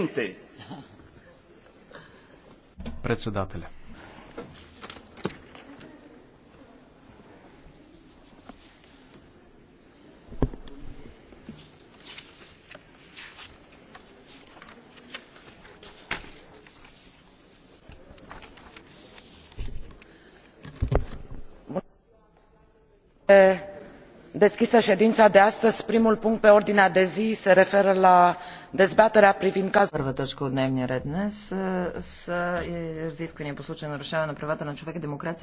distinte. Председателя. Eh, deschisă ședința de astăzi primul punct pe ordinea de zi se referă la dezbaterea privind cazul. Първа точка от дневния ред днес са разисквания по случая нарушаване на правата на човека, демокрацията